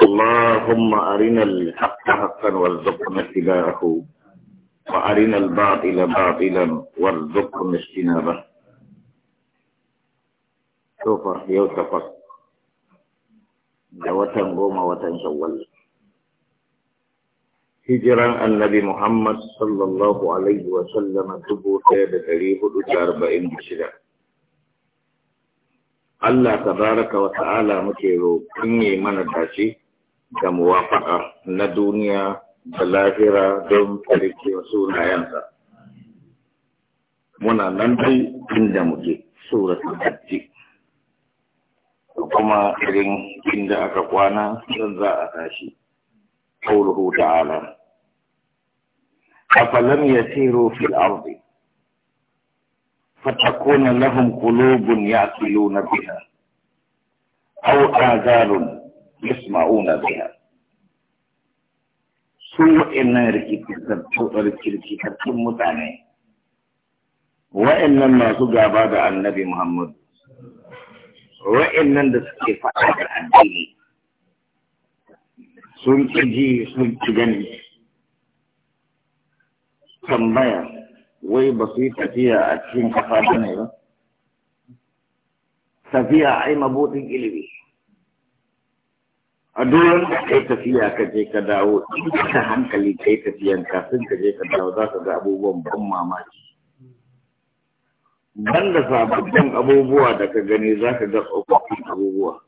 اللهم أرنا الحق حقا وارزقنا اتباعه وأرنا الباطل باطلا وارزقنا اجتنابه سوف يوسف دعوة غوم وتنشول هجرا النبي محمد صلى الله عليه وسلم تبو تاب تريه أربعين بشرا Allah تبارك وتعالى ta'ala muke roƙon yi da muwafaka na duniya da lahira don tsarkewa sunayensa. Muna nan dai inda muke suratun hajji. Kuma irin inda aka kwana don za a tashi. Kauluhu ta'ala. أفلم يسيروا fil ardi فتكون لهم قلوب يعقلون بها أو آذان يسمعون بها سوء إن ركبتم متعني وإن لما سجى بعد النبي محمد وإن لن تسكي فعلا عن سنتجي سنتجني tambaya سوء ba su وي بسيطة a أتشين kafa ba ne ba tafiya a duran da kai tafiya ka je ka dawo in ka hankali kai tafiyan kafin ka je ka dawo za ka ga abubuwan ban mamaki ban da sababbin abubuwa da ka gani za ka ga tsofaffin abubuwa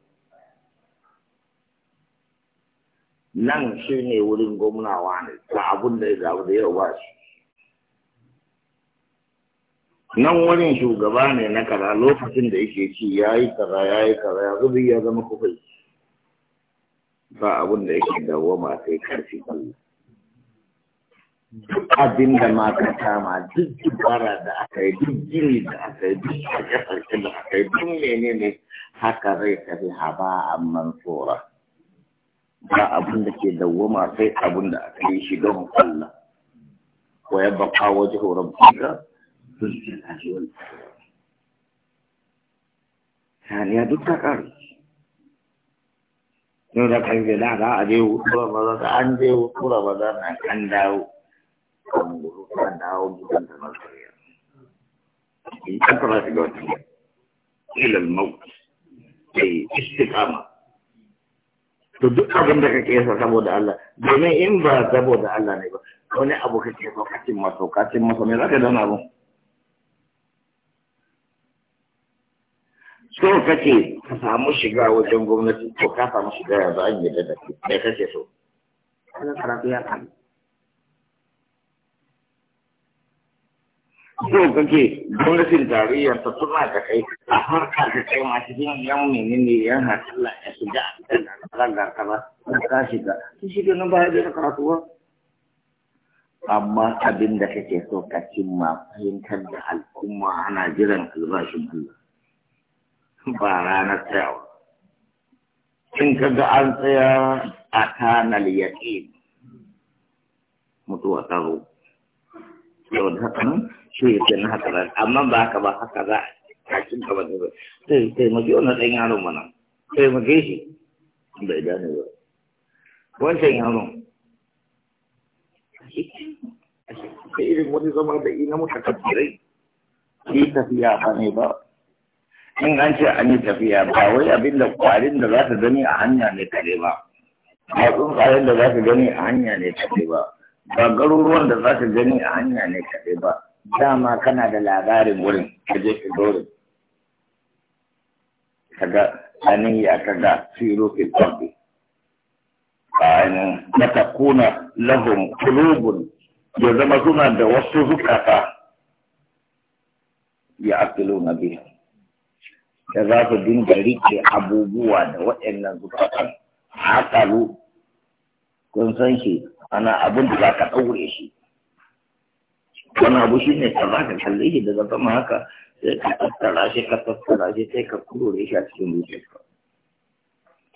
nan shi ne wurin gwamnawa ne ta abun da ya zaɓi da yau ba shi nan wurin shugaba ne na kara, lokacin da yake ci ya yi kara ya yi kara ya zubi ya zama kufai ba abin da yake dawoma sai karfi Allah duk abin da ma ka kama duk dubara da aka yi duk gini da aka yi duk sarke-sarke da aka yi duk menene haka zai tafi haba a mansura ba abin da ke dawoma sai abin da aka yi shi don Allah ko ya baka waje horon fika sun ce na ta ne duk ta ƙari yau da kan gida za a je hutura ba za an je hutura ba za na kan dawo kan guru kan dawo gidan da nasariya in kan tara shiga wata ilal maut sai istiqama to duk abin da kake yasa saboda Allah domin in ba saboda Allah ne ba wani abu kake so ka cin maso ka cin maso me zaka dana abun yau kace ka samu shiga wajen gwamnati ko ka samu shiga yanzu an yi da ke mai kace so ana karatu ya kan yau kake gwamnatin tarayya ta tuna da kai a harka da kai masu yin yan ne yan hasala ya shiga a cikin da kaza ka shiga shi shiga nan ba ya da karatu ba amma abin da kake so ka cimma fahimtar da al'umma ana jiran albashin Allah ba ranar tsayawa in ka ga an tsaya a kanal yaƙin mutuwa ta yau da haka nan shi ya ce na haka ran amma ba haka ba haka za a cin gaba da ba sai taimaki wannan ɗan yaron mana taimake shi bai gane ba wancan yaron sai irin wani zama da ina mutakabbirai shi tafiya ba ne ba in an ce an yi tafiya ba wai abin da kwarin da za ta gani a hanya ne kare ba ba kwarin da za ta gani a hanya ne kare ba ba garuruwan da za ta gani a hanya ne kare ba dama kana da labarin wurin ka je ka dore kaga anin ya kaga siro fil ardi ainihin ta kuna lahum kulubun ya zama suna da wasu zukata ya na biyu. da za su dinga rike abubuwa da waɗannan a haƙalu kun san shi ana abin da za ka ɗaure shi wani abu shi ne ka za ka kalle shi da zama haka sai ka tattara shi ka tattara shi sai ka kurore shi a cikin zuciyarka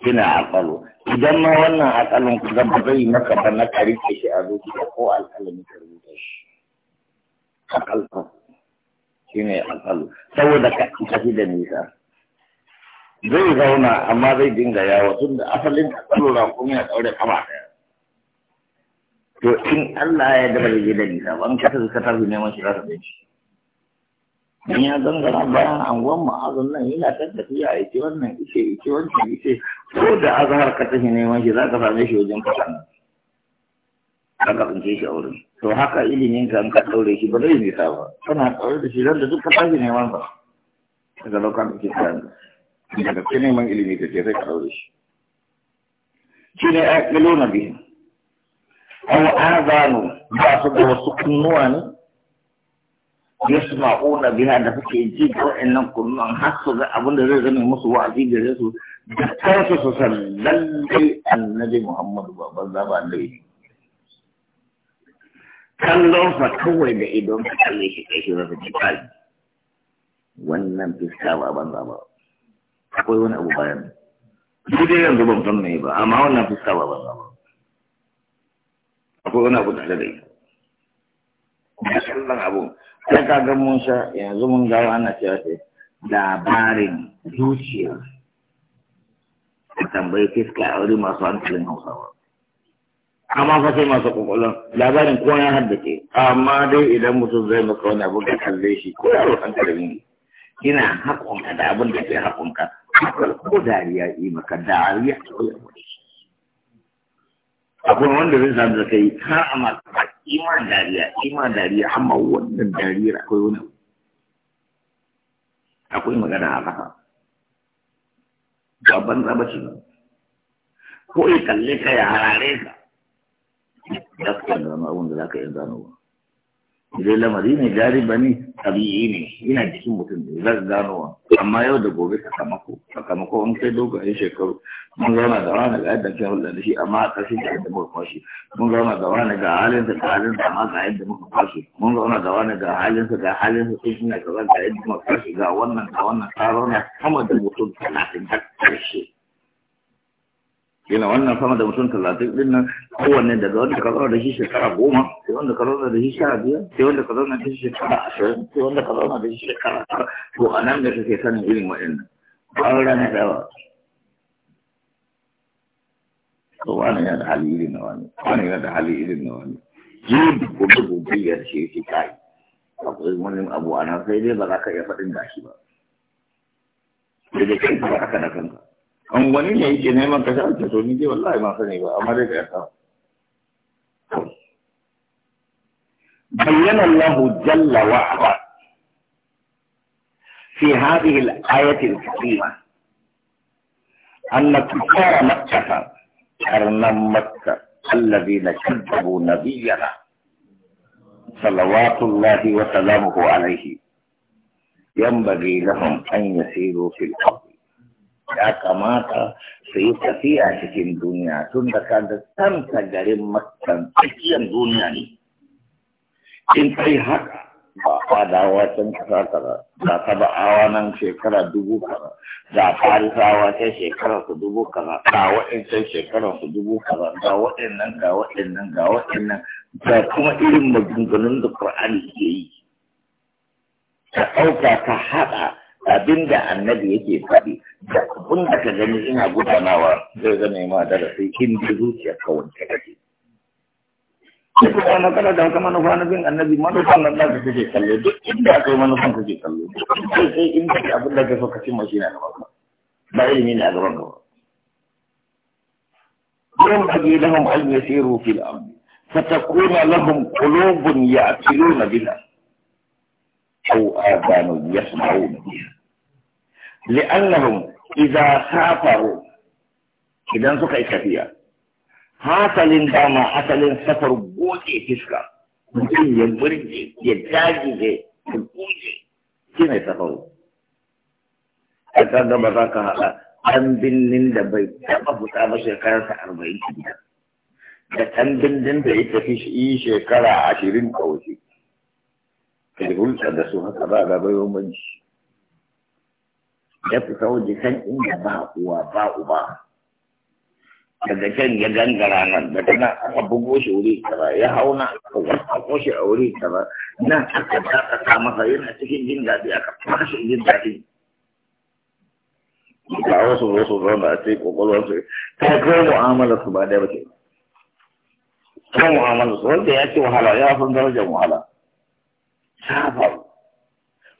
kina aƙalu idan ma wannan aƙalin ku zama zai maka ba na ka rike shi a zuciya ko alƙalin ka rubuta shi aƙalfa shi ne aƙalu saboda ka tafi da nisa zai zauna amma zai dinga yawo tun da asalin kalura kuma ya daure kama daya to in Allah ya da bai da nisa ba ka ta zuka tafi neman shi rasa bai shi ya gangara bayan anguwan ma'azin nan yana ta tafiya a ce wannan ishe ishe wancan ishe ko da azhar ka tafi neman shi za ka same shi wajen fatan ka ka shi a wurin to haka ilimin ka ka daure shi ba zai nisa ba kana daure da shi zan da duk ka tafi neman ba daga lokacin da kake da gaske neman ilimi da ke zai ka aure shi shi ne ya ƙilo na bihin an azanu ba su da wasu kunnuwa ne yasma'una biya da suke ji da nan kunnuwan har su ga abin da zai zama musu wa'azi da zai su da kansu su san lallai annabi Muhammadu ba banza ba annabi kallon fa kawai da idon ka kalle shi kai shi zaka ji kai wannan fiska ba banza ba akwai wani abu bayan su dai yanzu ban san me ba amma wannan fuska ba ban ba akwai wani abu tare da ita da sallan abu sai ka ga mun sha yanzu mun ga ana cewa sai labarin zuciya a tambayi fiska a wuri masu hankalin hausawa amma fa sai masu kwakwalon labarin ko ya haddace amma dai idan mutum zai maka wani abu da kalle shi ko yaro an karbi ina haƙonka da abin da ke haƙonka ko dariya yi maka dariya ko akwai wanda zai samu da kai ka a maka ima dariya ima dariya amma wannan dariyar akwai wani akwai magana a haka ba banza ba shi ko ya kalle ka ya harare ka Ya fi da wani abin da za ka yi ganowa idan lamari ne jari ba ne tabi'i ne ina jikin mutum ne za ka ba? amma yau da gobe sakamako sakamako an kai dogayen shekaru mun zauna da wani ga yadda ke hulɗa da shi amma a ƙarshe da yadda muka kwashe mun zauna da wani ga halinsa ga halinsa amma ga yadda muka kwashe mun zauna da wani ga halinsa ga halinsa sun suna kaza ga yadda muka kwashe ga wannan ga wannan ta zauna sama da mutum talatin har ƙarshe yana wannan sama da mutum talatin din nan kowanne daga wanda ka zauna da shi shekara goma sai wanda ka zauna da shi shekara biyar sai wanda ka zauna da shi shekara ashirin sai wanda ka zauna da shi shekara tara to a nan da kake sanin irin waɗannan an rana dawa to wani yana da hali irin na wani wani yana da hali irin na wani yin gobe gobe ya ce shi kai akwai wani abu a nan sai dai ba za ka iya faɗin gashi ba da da kai ba aka da kanka عموماني نہیں کہ نہیں میں جل وعلا في هذه الآية الكريمة أن كفار مكة كرنا مكة الذين كذبوا نبينا صلوات الله وسلامه عليه ينبغي لهم أن يسيروا في الأرض ya kamata su yi tafiya cikin duniya tun da ka da tanta garin makon tsakiyar duniya ne in kai haka ba a dawa can kasa kara da ta ba a wannan shekara dubu kara da farisawa ta shekara su dubu kara da waɗancan shekara su dubu kara da waɗannan ga waɗannan ga waɗannan. da kuma irin maganganun da ƙur'ani ke yi ka ɗauka ka haɗa abinda annabi yake faɗi da abin da ka gani ina gudanawa zai zama ma darasi kin da zuciya ka wanke kake Kuma wani kana da kuma manufa na bin annabi manufan nan naka kake kallo duk inda aka yi manufan kake kallo sai sai in ka abin da ka so ka cimma shi na gaban ba ilimi ne a gaban ka ba. Yau bagi lahum an yasiru fil amri فتكون لهم قلوب يعقلون بها أو آذان يسمعون بها li'annahum idza safaru idan suka yi tafiya hasalin dama asalin safar goge fiska mutum ya burge ya dajije ya goge shi safaru a kaga ba za ka haɗa ɗan binnin da bai taɓa fita ba shekararsa arba'in gida da ɗan da ya tafi yi shekara ashirin ka waje. Kai hulɗa da su haka ba ga bai bambanci. ya fita waje can inda ba uwa ba uba daga can ya gangara nan da nan aka bugo shi wuri kaza ya hau na aka wasu shi a wuri kaza nan aka dakata masa yana cikin jin daɗi aka fara shi jin daɗi ga wasu wasu zauna a cikin kwakwalwarsu ta kai mu'amala su ba ɗaya ba ke. kan mu'amala su wanda ya ce wahala ya san darajar wahala safa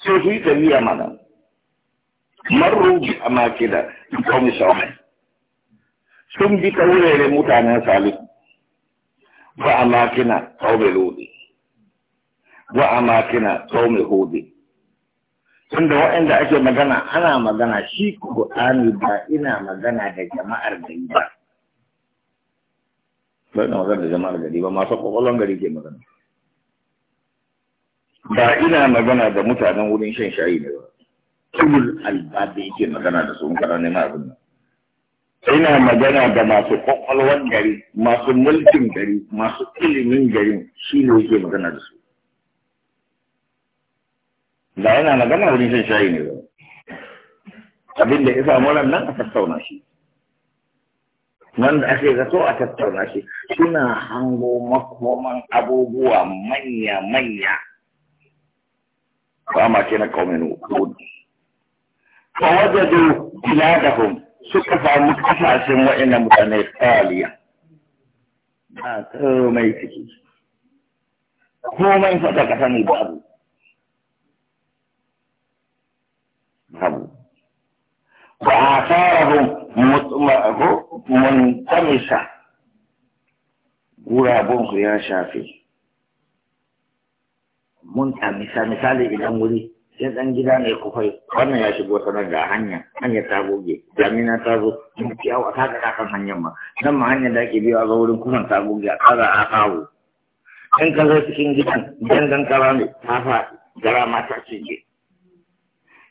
so shi tafiya mana marru bi amakida kaumi sawai sun bi ta wurare mutanen salih wa amakina kaumi lodi wa amakina kaumi hudi tunda waɗanda ake magana ana magana shi Qur'ani ba ina magana da jama'ar gari ba ba ina magana da jama'ar gari ba masu kwakwalon gari ke magana ba ina magana da mutanen wurin shan shayi ne ba ulul albabi yake magana da su in kana neman abin nan ina magana da masu kwakwalwan gari masu mulkin gari masu ilimin gari shi ne yake magana da su da yana magana wani shan shayi ne ba. abin da ya samu nan a tattauna shi wanda ake zato a tattauna shi suna hango makoman abubuwa manya-manya ba ma ce na kaumin hudu فوجدوا بلادهم سكفا مكفا وإن متنيف آلية ما ترومي هو من فتكتني بأبو بأبو وآثارهم منتمسة غرابون يا شافي منتمسة مثالي إلى مريد sai ɗan gida ne kufai wannan ya shigo sanar da hanya hanyar ta goge Jamina ta zo ta ga kan hanyar ma nan ma hanyar da ake biya ga wurin kuma ta goge a tsara a kawo in ka zo cikin gidan dan kara ne ta faɗi gara ma ta cije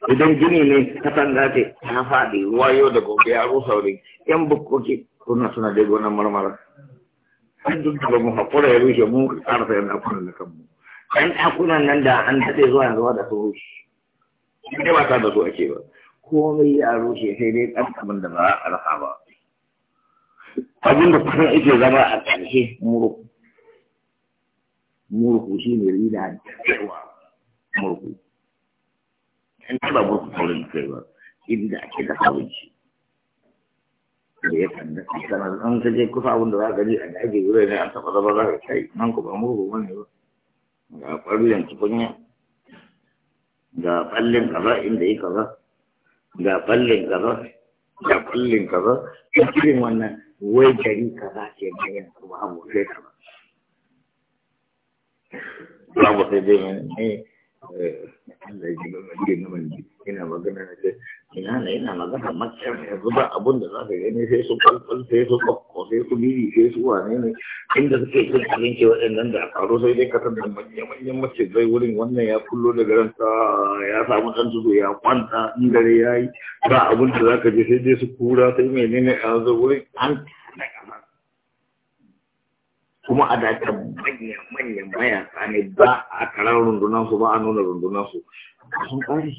idan gini ne kasan za ce, ta faɗi ruwa yau da gobe ya rusa wurin yan bukkoki kuna suna da gonan marmara. An duk da mu haƙura ya rushe mu ƙarfa yana kwanan da kanmu. ɗan ɗakunan nan da an daɗe zuwa yanzu da su rushe inda ba ta da su ake ba komai ya rushe sai dai ɗan abin da ba a rasa ba abin da kusan ake zama a ƙarshe murku murku shi ne rida da cewa murku in ba murku saurin kai ba inda ake da sabunci da ya kanda sanar an ta je kusa abin da za a gani a daji wurin ne a tafasa ba za ka kai nan ku ba murku wani ba ga ɓarlen tukunya ga ɓallen kaza inda yi kaza ga ɓallen kaza ga ɓallen kaza irin wannan wai gari kaza ke bayan kuma abu sai kaza babu sai dai ne Eh, Allah ji ba mai gina mai ina magana na ce ina na ina magana matsayar yanzu ba abun da za ka gani sai su kwalkwal sai su kwakko sai su biri sai su wane ne inda suke cin abinci waɗannan da a karo sai dai ka da manya-manyan mace zai wurin wannan ya kullo daga ransa ya samu ɗan tuzo ya kwanta in dare ya yi ba abun da za ka je sai dai su kura sai mai nene a wurin an kuma a dace manya-manyan mayaka ne ba a karar rundunan su ba a nuna rundunan su sun ƙari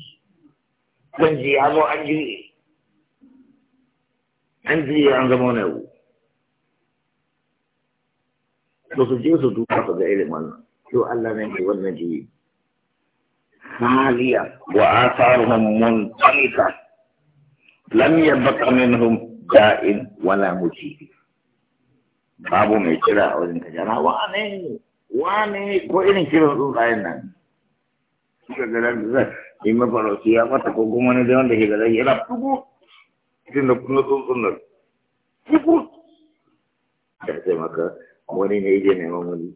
kan ji ya zo an ji an ji an zama wani abu to su je su duka su ga irin wannan to Allah ne ke wannan ji Maliya. wa asaruhum muntamika lam yabqa minhum da'in wala mujibi babu mai kira a wajen ka jana wane wane ko irin kiran tsuntsayen nan suka ga nan zai yi mafarauci ya mata ko kuma ne da wanda ke gada yana tugu cikin da kuna tsuntsun nan tugu ya ce maka wani ne yake neman wani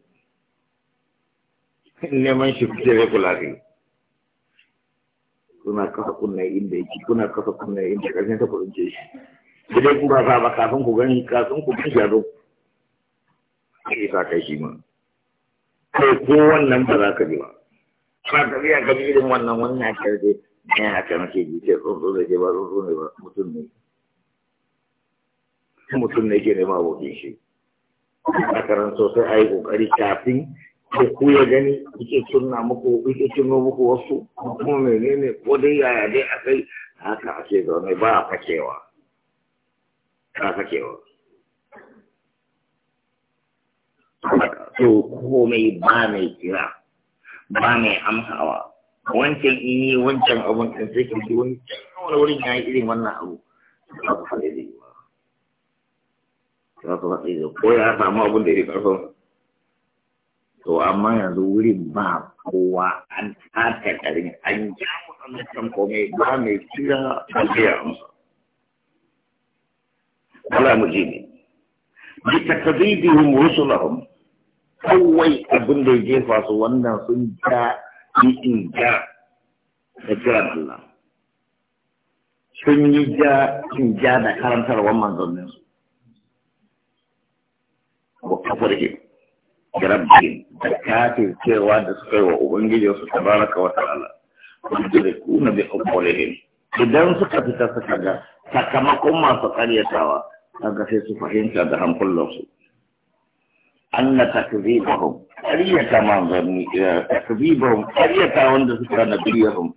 neman shi kuke da kula ne kuna kasa kunna inda yake kuna kasa kunna inda ƙarfin ta kudin ce shi sai dai kuka sa ba kafin ku gani kafin ku gani ya zo ka isa kai shi ma kai ko wannan ba za ka ji ba ba ka biya ka ji irin wannan wannan karfe ne a kan ke ji ce tsuntsu da ke ba tsuntsu ne ba mutum ne mutum ne ke nema abokin shi a karan sosai a yi kokari kafin ko ku ya gani kuke tunna muku kuke tunno muku wasu kuma menene ko dai yaya dai akai haka ake zaune ba a fakewa ba a fakewa to komai ba mai kira ba mai amsawa wancan in yi wancan abun ɗin sai ka ji wani wani wurin ya yi irin wannan abu za ku faɗi da yi ba za ku faɗi da ko ya samu abun da ya ƙarfin to amma yanzu wurin ba kowa an tata ƙarin an ja musamman komai ba mai kira ba zai amsa wala mu ji ne bi takazibihim rusulahum kawai abin da ya jefa su wannan sun ja in ja da kiran Allah sun yi ja in ja da karantarwar manzannin su wa kafirhim da rabbihim da kafin cewa da suka yi wa ubangiji su tabaraka wa ta'ala bai bi ne. idan suka fita suka ga sakamakon masu karyatawa kaga sai su fahimta da hankulansu அந்த தகுதியாகும் அரிய தகுதியாகும் அரிய தவந்ததுக்கான பிரியகம்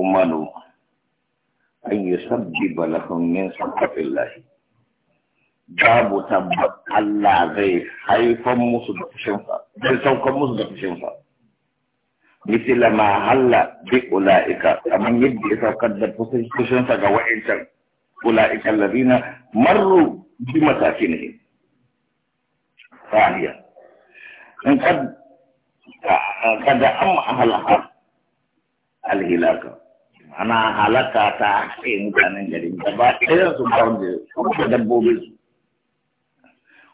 உமனும் அங்கே சப்தி பலகம் சொல்லப்பில்லை جابو تبا الله زي هاي فموس دكشنفا زي سو كموس مثل ما هلا بأولئك أما يدي سو قد دكشنفا جوائنسا أولئك الذين مروا بمساكنهم ثانية إن قد قد أم أهلها الهلاك أنا هلكة تحقين كان جريم إذا إيه سبحان الله تدبوبي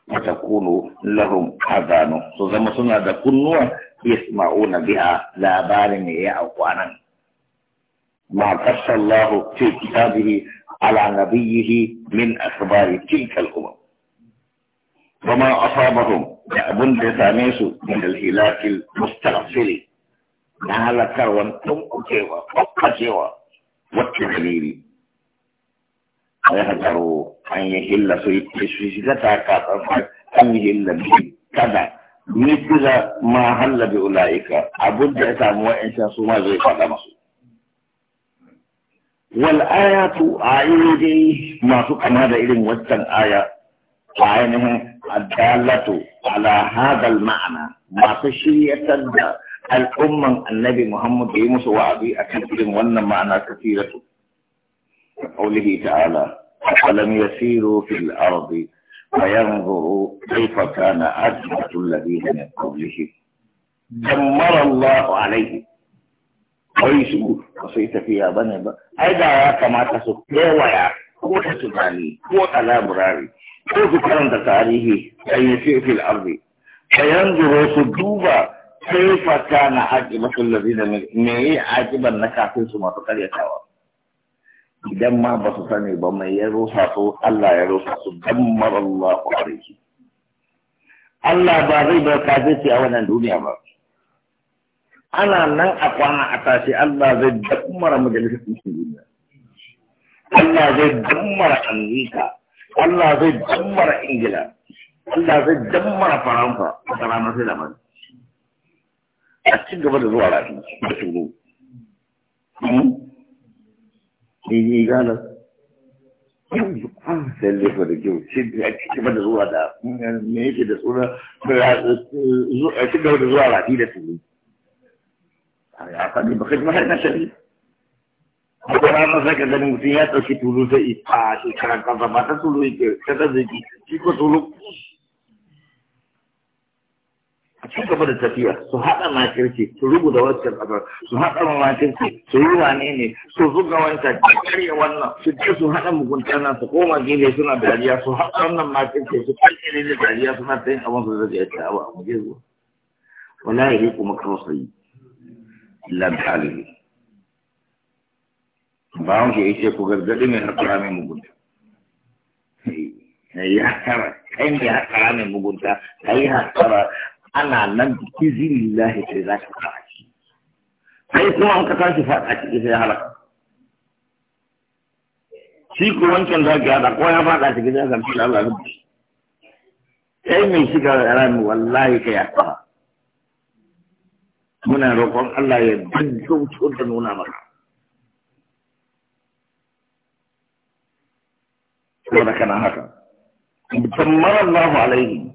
وتكون لهم أذان سوزم سنة كنوا يسمعون بها لا بارم يا أخوانا ما قص الله في كتابه على نبيه من أخبار تلك الأمم وما أصابهم يأبن بثاميس من الهلاك المستغفر نهل كروان تنقشوا فقشوا والتغليل ويهدروا أن يهل سيتشفزتك أن يهل به كذا مثل ما هل بأولئك أبد أساموا إن شاء ما زي مصر والآيات آيات ما سكن هذا إلم وستن آيات وعينه الدالة على هذا المعنى ما تشريع الأمة النبي محمد يمس وعبي أكثر وأن معنى كثيرة قوله تعالى فلم يسيروا في الأرض فينظروا كيف كان عجبة الذين من قبله دمر الله عليه ويسبوا وصيت فيها بني أيضا كما تسكي ويا ko سباني tunani ko براري ko su karanta tarihi an yi fi fil arzi bayan zuro su duba sai kana na aƙibatun lazina me yi ajiban na kafin su masu karyatawa idan ma ba su sani ba mai ya rusa su Allah ya rusa su dammar Allah ku Allah ba zai bar kafirci a wannan duniya ba ana nan a kwana a tashi Allah zai dammar majalisar musulmi Allah zai dammar amurka Allah zai dammara Ingila, Allah zai dammara Faransa a ranar sai da A ci gaba da zuwa rafi da turo. Hmm? Ni gana. Sai lefa da kyau, shi a ci gaba da zuwa da me yake da tsura, a ci gaba da zuwa rafi da turo. A ya faɗi ba kai mahar na shari'a. akwai rana sai ka gani mutum ya ɗauki tulu sai a shekarar kansa ba ta tulu yake ta zazzaki shi ko tulu a cikin gaba da tafiya su haɗa makirci su da wasu ƙasar su haɗa makirci su yi wane ne su zuga wancan karya wannan su ce su haɗa mugunta na su koma gefe suna dariya su haɗa wannan makirci su ne da dariya suna ta yin abin su zai ya ci abu a muje zuwa wala ya yi kuma kawai sai lantarki. bawon ke yake ku gargaɗi mai haƙara mai mugunta ya haƙara kai mai haƙara mai mugunta ka A haƙara ana nan biki zini lahi sai za ka fara shi sai kuma an ka tashi faɗa ciki sai halaka shi ko wancan za ka yada ko ya faɗa ciki sai ka fi Allah rubu kai mai shiga rami wallahi ka yi muna roƙon Allah ya dangauto da nuna maka wanda kana haka mutum mara Allah alaihi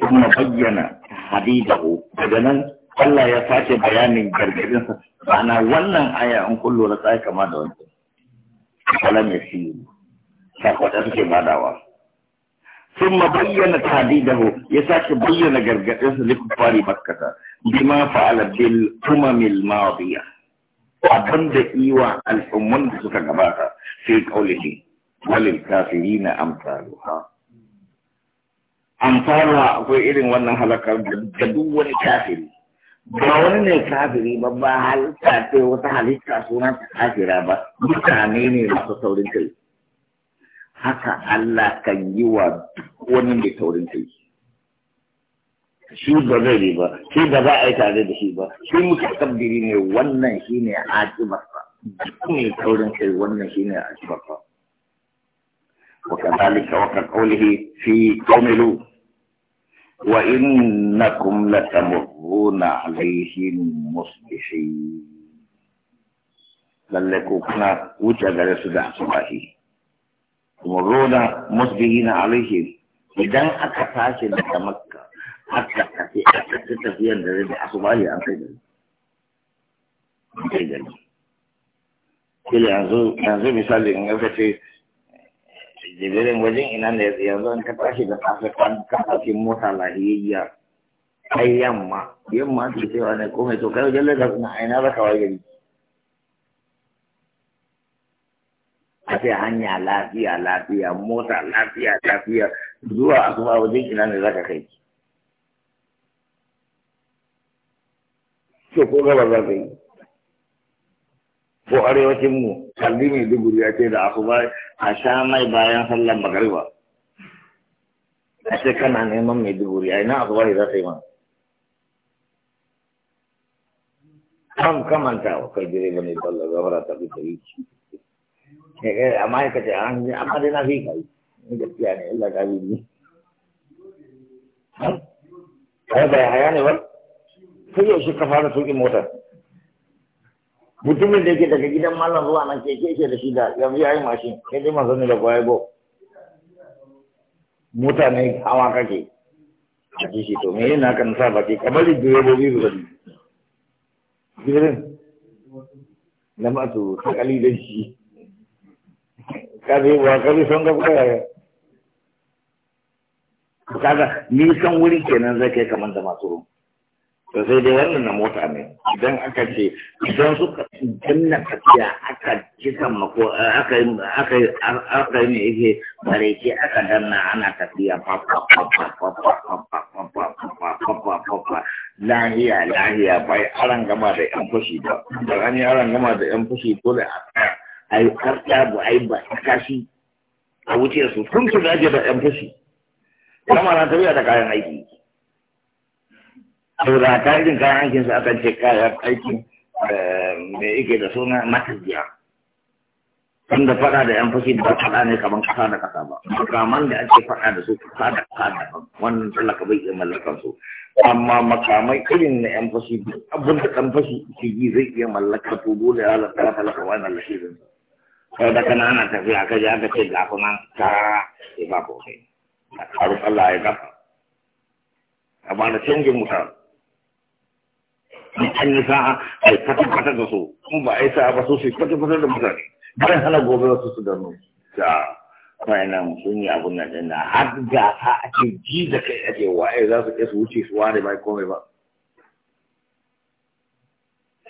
kuma na bayyana hadidahu daga nan Allah ya sace bayanin gargadinsa ana wannan aya an kullo na tsaye kama da wancan kala mai siyu sako da suke badawa sun ma bayyana hadidahu ya sake bayyana gargadinsa likufari makkata bima fa'ala bil umamil madiyah abin da iwa al'umman da suka gabata sai kaulihi walil kafirina amsaluha amsaluha akwai irin wannan halakar da duk wani kafiri ba wani ne kafiri ba ba halitta ce wata halitta suna ta kafira ba mutane ne masu saurin kai haka Allah kan yi wa duk wani mai saurin kai shi ba zai ne ba shi ba za a yi tare da shi ba shi muke kabbiri ne wannan shi ne ajibarsa duk ne taurin kai wannan shi ne ajibarsa وكذلك وكقوله في قوم وإنكم لتمرون عليهم مصبحين للكو كنا وجد رسول صباحي تمرون مصبحين عليهم إذا daga مكة haka kake aka ci tafiyar da zai da asubahi an kai gari an kai gari kila yanzu yanzu misali in aka ce jibirin wajen ina ne yanzu an ka tashi da safe kan kafafi mota lahiyayya kai yamma yamma ake cewa ne komai to kai wajen lagos na aina za ka waye gari a ce hanya lafiya lafiya mota lafiya lafiya zuwa asuba wajen ina ne za ka kai ko gaba za ka yi ko arewacin mu kalli mai duguri ya ce da aku ba a sha mai bayan sallan magariba a ce kana neman mai duguri a ina aku ba za ka yi ma kan kamanta wa kai direba ne balla gafara ta bi tayi eh, eh, amma ya kace an ah, amma dai na fi kai ni gaskiya ne illa ka bi ni ai bai haya ne ba sai yaushe ka fara tuƙi mota mutumin da yake daga gidan malam zuwa nan keke ke da shi da yanzu ya yi mashin sai dai masu ne da kwaye go mutane hawa kake a kishi to me yana kan sa baki kamar bi su gani jirin na masu sakali da shi kaze ba kaze son ga kwaya kaga nisan wuri kenan zai kai kamar da masu ruwa to sai dai wannan na mota ne idan aka ce idan suka danna tafiya aka kisa mako aka yi aka yi aka yi mai yake bare aka danna ana tafiya papa papa papa papa papa papa papa papa lahiya lahiya bai aran gama da yan fushi ba da an aran gama da yan fushi ko da tsaya a yi karta bu ai ba kashi a wuce su kun su da yan fushi kuma na tafiya da kayan aiki saboda tarihin kayan su aka ce kayan aikin eh, mai ike da suna matajiya wanda faɗa da yan fashi da faɗa ne kamar kasa da kasa ba makaman da ake faɗa da su kasa da kasa da wannan talaka bai iya mallakansu. su amma makamai irin na yan fashi abin da kan fashi ke yi zai iya mallaka to dole ya lalata talaka wannan lahirin sai da kana ana tafiya ka ji aka ce ga kuma ta ya ba ko kai a Allah ya kafa amma da canjin mutane in an yi sa'a a yi kwata-kwata da su in ba a yi sa'a ba su su kwata-kwata da mutane bayan hana gobe wasu su gano da wayannan sun yi abun nan din na har a ake ji da kai ake waye za su ke su wuce su ware bai komai ba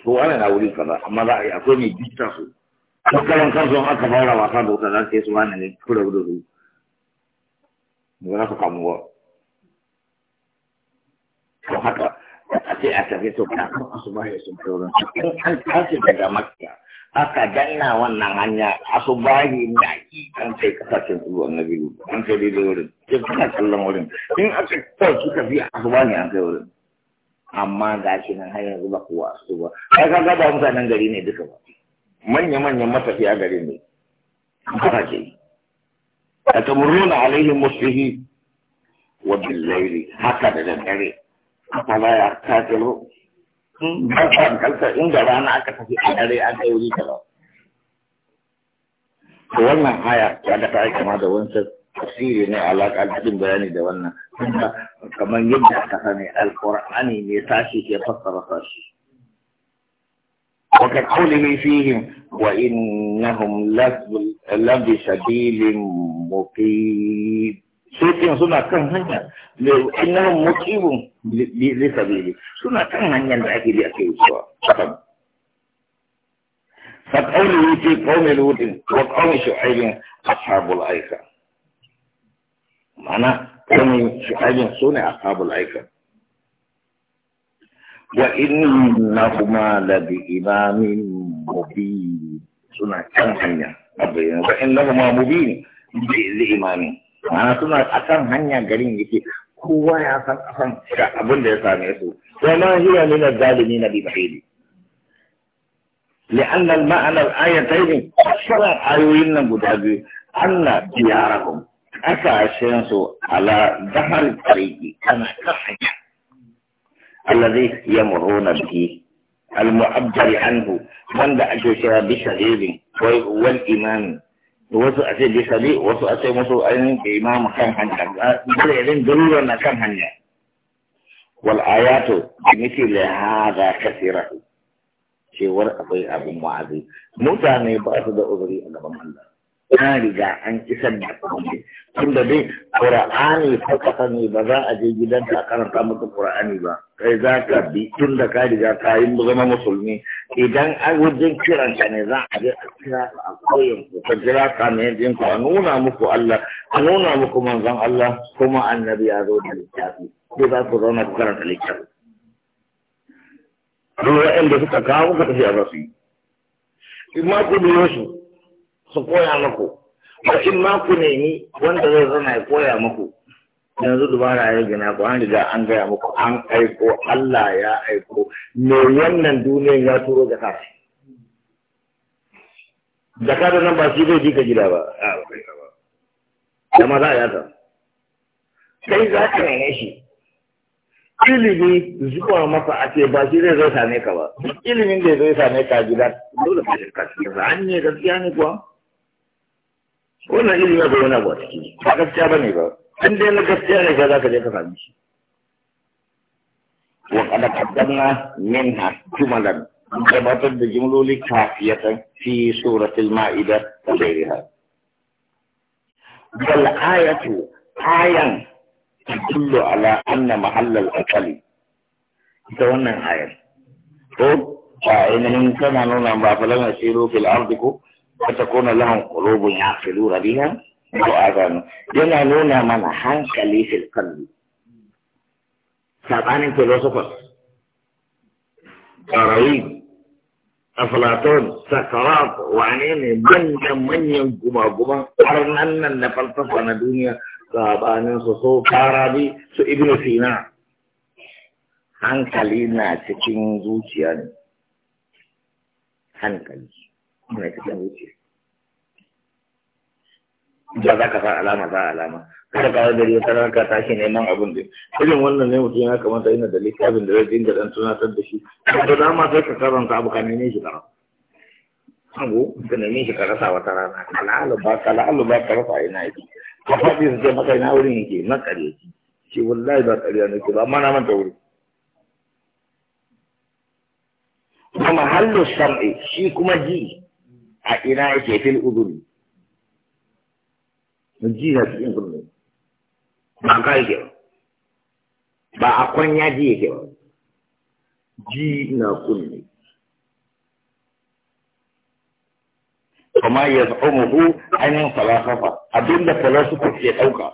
to wannan na wuri kaza amma za a yi akwai mai gista su kakkalan kansu aka fara wasa da wuta za su yi su wani ne kura da su ba za su kamu ba to haka a ce a tafi su kafin asuba ya sun taurin an tashi daga makka aka danna wannan hanya yi na yi an kai kasashen zuwa na biyu an kai daidai wurin sai kana kallon wurin in aka ɗauki tafiya asubahi an kai wurin amma ga shi nan har yanzu ba kowa asuba ai kaga ba mutanen gari ne duka ba manya-manyan matafiya gari ne haka ke yi a tamurruna alaihim muslihi wa billahi haka da daddare أفلا يعتقلوا بعضهم كلفة إن جبانا كفي أهلي أن أولي كلو وانا هاي أنا تعي كما دوين سر تفسير إني على كالتين براني دوانا كما يبدأ كفاني القرآن يتاشي كي فكر فاشي وكقوله فيهم وإنهم لب سبيل مقيم سيتين سنة كم هنا لأنهم مقيمون lisabili suna kan hanyar da ake bi ake wucewa kasan فقوله في قوم لوط وقوم شعيب أصحاب الأيكة معنى قوم شعيب سنة أصحاب الأيكة وإنهما لبإمام مبين سنة كم هنيا وإنهما مبين لإمام معنى سنة أكم هنيا قرين يكي kowa ya san akan ga abin da ya same su wa hiya min az-zalimin bi ba'id لأن المعنى الآيتين أكثر آيوين بدابي أن ديارهم أساسين على ظهر الطريق أنا كحية الذي يمرون به المعبر عنه من دعجوا بشرير والإيمان wasu a ce bisali wasu a ce masu ainihin ke imamu kan hanya garerin garuruwa na kan hanya wal ayatu miki la hada kathira cewar akwai abin wa'azi mutane ba su da uzuri a gaban Allah na riga an isar da komai tunda dai ƙura'ani fa ka ba za a je gidan a karanta maka ƙura'ani ba kai za ka bi da ka riga ka yi zama musulmi idan a wajen kiran ka ne za a je a kira ka a koyan ku ka jira ka ne din ku a nuna muku Allah a nuna muku manzon Allah kuma annabi ya zo da littafi sai za ku zauna ku karanta littafi duk waɗanda suka kawo ka tafi a su yi. ma ku biyo su su koya muku ba in ma ku nemi wanda zai zama ya koya muku yanzu dubara ya gina ku an riga an gaya muku an aiko Allah ya aiko me wannan duniyar ya turo da kafi da nan ba shi zai ji ka gida ba da maza ya ta kai za ka neme shi ilimi zuwa masa a ce ba shi zai zo same ka ba ilimin da zai same ka gida dole ka shirka cikin an ne gaskiya ne kuwa wannan ilimi ba wani abu a ciki ba gaskiya ba ne ba in dai na gaskiya ne ba za ka je ka sami shi wa kada kaddanna minha jumalan gabatar da jimloli kafiyatan fi suratul ma'ida da ghairiha bal ayatu ayan tadullu ala anna mahallal aqali ita wannan ayar ko a ainihin kana nuna ba falan asiru fil ardi ko watakuna lahum qulubun yaqiluna biha wa adan yana nuna mana hankali fil qalbi sabanin filosofos karai aflatun sakarat wa anini manyan manyan guma-guma arnan nan na duniya sabanin su so ibn sina hankali na cikin zuciyar hankali mai cikin wuce ba za ka sa alama za alama kada ka wani dare ta ka tashi neman abin da irin wannan ne mutum ya kamata yana da littafin da zai dinga dan tunatar da shi da dama sai ka karanta abu ka neme shi karanta abu ka neme shi ka rasa wata rana ka laluba ka laluba ka rasa ina yake ka faɗi su ce maka ina wurin yake na ƙarya ce ce wallahi ba ƙarya nake ba amma na manta wuri kuma hallu sam'i shi kuma ji a ina yake fil uzuri ji na cikin kunne ba ka yake ba ba a kwanya ji yake ba ji na kunne kuma ya tsumuhu ainihin falasafa abinda falasafa ke ɗauka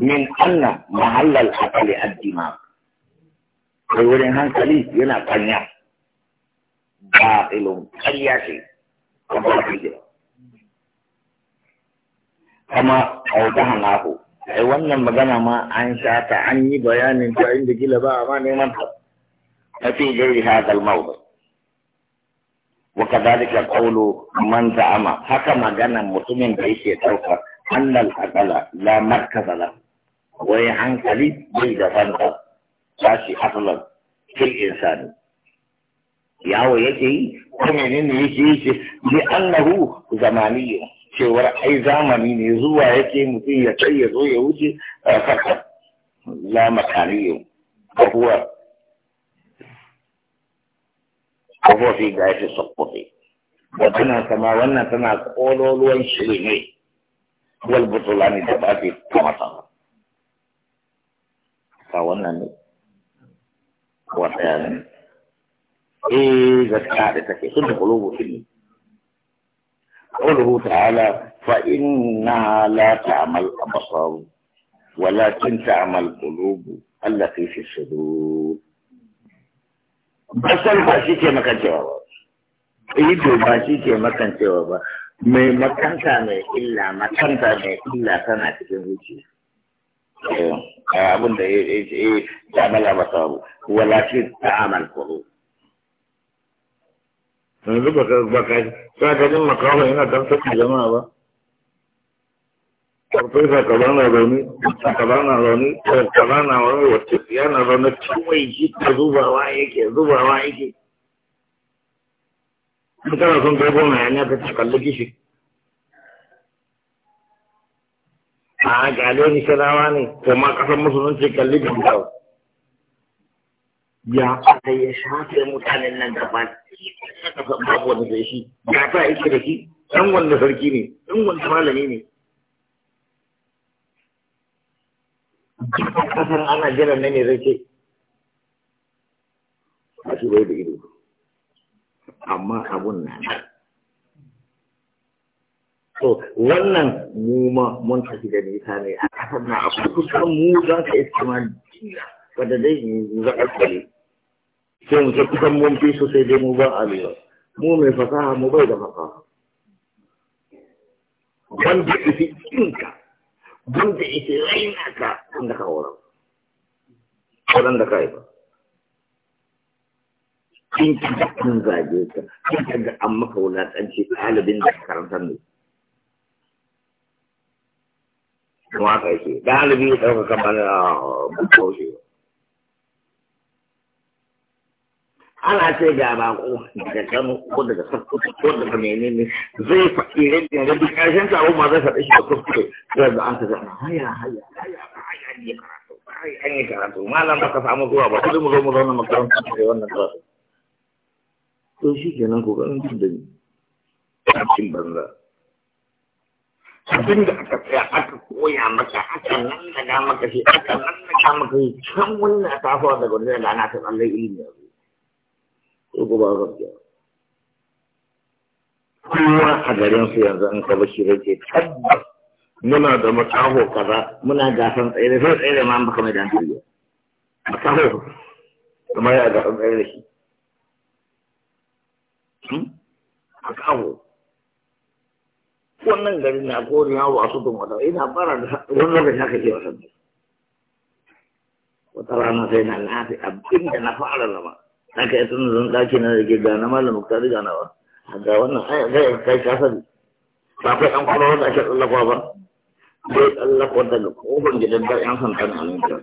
min anna mahallal akali addima kai wurin hankali yana kwanya ba ilon ƙarya ce kama audaha nahu ai wannan magana ma an sha ta an yi bayanin ta inda gila ba amma neman ta mafi gairi hada al-mawdu wa ka qawlu man za'ama haka maganan mutumin da yake tauka annal aqala la markaza la wai hankali bai da fanta tashi asalan fil insani yawo yake yi kuma ne ne yake yi ce li annahu zamaniyo cewar ai zamani ne zuwa yake mutum ya kai ya zo ya wuce fakat la makariyo ko huwa shi ga fi sokofi wannan sama wannan tana kololuwan shiri ne wal butulani da ba fi kamata ka wannan ne ta yanin eh gaskiya da take sun da kulubu ne قوله تعالى فإنها لا تعمى الأبصار ولكن تعمى القلوب التي في الصدور بصر باشي ke makancewa ba ido ba shi ke cewa ba mai makanta mai illa makanta mai illa tana cikin zuci abin da ya ce ta'amal abasaru walakin ta'amal qulub yanzu ba ka ba ka ka ga makawa yana kan saki jama'a ba farfesa ka bana zaune ka bana zaune ka bana wani wacce yana zaune ciwai shi ta zubawa yake zubawa yake in kana son kai goma ya ne ka ci kalli kishi a ga ni sanawa ne kuma kasan musulunci kalli gamdawa ya aka ya shafe mutanen nan gaba babu wanda zai shi ya ta yake da shi Ɗan wanda sarki ne ɗan wanda malami ne kasan ana jiran nan ne zai ce a shi bai da ido amma abun na nan So wannan mu ma mun tafi da nisa ne a kasar na abu kusan mu za ka iska ma wadda dai za a kwale sai mu ce kusan mun fi su sai dai mu ba arewa mu mai fasaha mu bai da fasaha wanda isi kinka wanda isi raina ka wanda ka wurin ka yi ba kinka da zage ka kinka da an maka wulaƙanci ɗalibin da ne kuma aka yake ɗalibi ya ɗauka kamar a ah, bukkaushe ba ana ce ga ba ko daga kano ko daga sokoto ko daga menene zai faɗi rajin rabi ƙarshen taro ma zai faɗi shi da sokoto sai da an ta zama haya haya haya haya an yi karatu an yi karatu malam baka samu zuwa ba kudu mu zo mu zauna makaranta da wannan karatu to shi kenan ko kan tun da ni cikin banza abin da aka tsaya aka koya maka aka nan da maka shi aka nan da maka shi can wannan ta fawa daga wani da na ta tsalle ilimi ba zan ga a garin su yanzu an ka bashi rage tabbas muna da makaho kaza muna gasan tsere sai tsere ma baka mai da hankali makaho kamar ya tsaye da shi hmm? makaho wannan garin na kori na wasu don wata ina fara da wani lokaci haka ke wasan wata rana sai na nafi abin da na fara ma. haka ya tun zan ɗaki na da ke gane malam muktari ganawa ga wannan ai kai kasar ba kai an kula wanda ake tsallakwa ba bai tsallakwa daga kofar gidan da yan sanda na aminta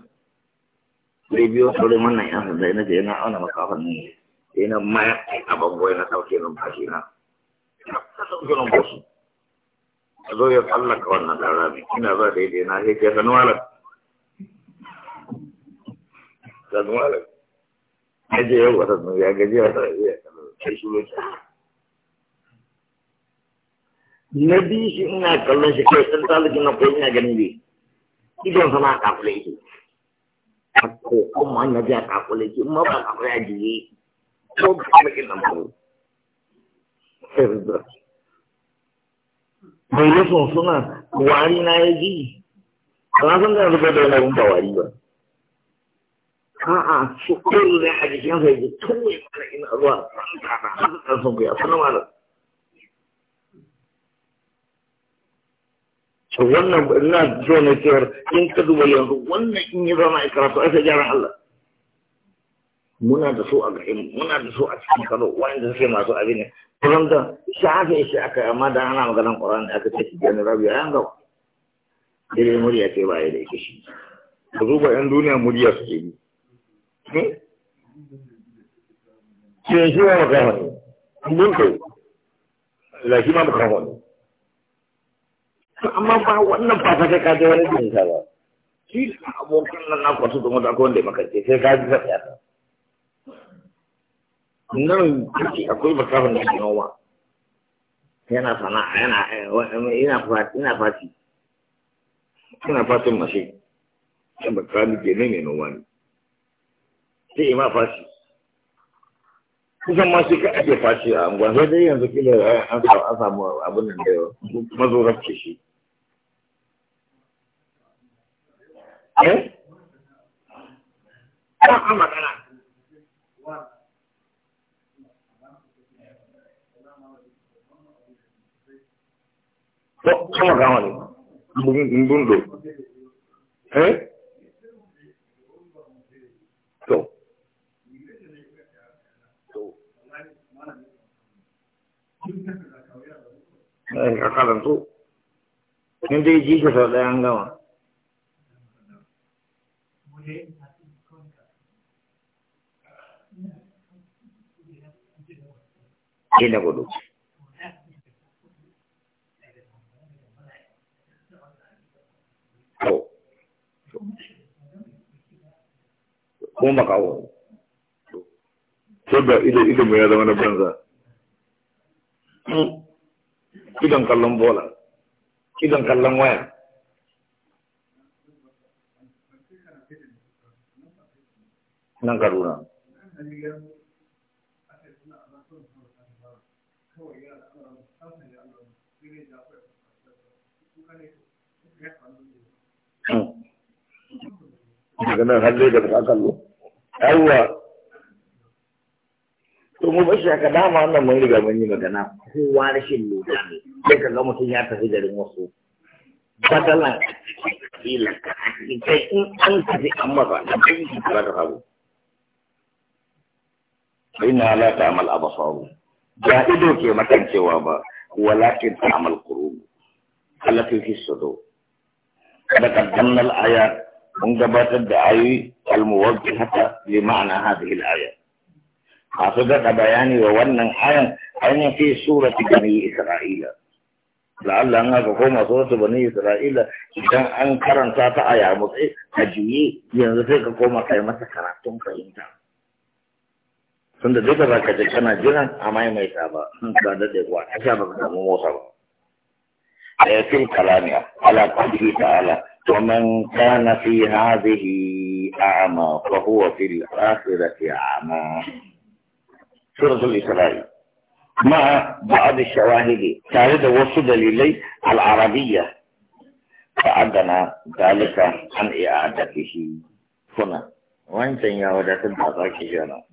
bai biyo saurin wannan yan sanda yana ce yana auna makafan ne yana mayar a bangoyi na sauke shi na sauke numfashi a zo ya tsallaka wannan ɗan ina za daidai na sai ke sanuwalar sanuwalar gaje yau wata sun ya gaje wata ya kai shi wuce na biyu shi ina kallon shi kai sun talikin na kai ina ganin bi idan sama a kafula yake a kokon ma na biya a kafula yake ma ba kafula ya jiye ko ba kafula yake nan baro bai da sun suna wari na ya ji ba na san da yanzu ba da wani abun ba wari ba a'a su ɗin ne a jikin sai ji tun ne mana ina zuwa ɗan ɗan sun kuya sun mana to wannan ina zo na cewar in ka yanzu wannan in yi zama a karatu ai sai jaran Allah muna da su a garin muna da su a cikin kano wanda suke masu abin ne kuran da shafe shi aka yi amma da ana maganar ƙoran da aka ce shi jani rabi a yan gaba dai murya ce ba ya da ita shi ka duba yan duniya murya suke yi ne shi shi ma makaho ne mun kai la shi ma makaho amma wannan ba ta ka je wani jin ba shi abokan nan na kwasu da mata akwai wanda ya makance sai ka ji zaɓi ta nan kake akwai makahon da ke noma yana sana'a yana eh, ina fati ina fati ina fatin mashi kan bakali ke ne mai sai ima fashi kusan masu ka ake fashi a angon, sai dai yanzu kila an samu abin nan da mazorar rafke shi eh an magana kuma kama ne, bugun Eh? Ɗaya ka karanto. In dai ji ka sau ɗaya an gama. Kuma kawo. To da ido ido ya zama na banza. Hmm. idon kallon bola kallon waya nan hmm. daga nan har kallo yawwa to mu bashi haka dama wannan mun riga mun yi magana kowa rashin lura ne sai ka ga mutum ya tafi garin wasu batalan kila sai in an tafi an maza da kun yi ba da hawo inna la ta'mal absaru ba ido ke makancewa ba walakin ta'mal qulub allati fi sudur kada qaddamna al-ayat mun gabatar da ayoyi al-muwajjihata li ma'na hadhihi al-ayat masu daɗa bayani wa wannan ayan ainihin fi surati bani isra'ila la'alla an haka koma suratu bani isra'ila idan an karanta ta a yamutse a juye yanzu sai ka koma kai masa karatun fahimta tunda duka za ka je kana jiran a maimaita ba sun ka daɗe kuwa a sha ba ka samu motsa ba a fil kalamiya ala qadri ta'ala ومن كان في هذه أعمى فهو في الآخرة أعمى suratul isra'i ma ba'd ash-shawahid tare da wasu dalilai al-arabiyya fa'adana dalika an i'adatihi kuna wancan ya wadatar da tsaki jana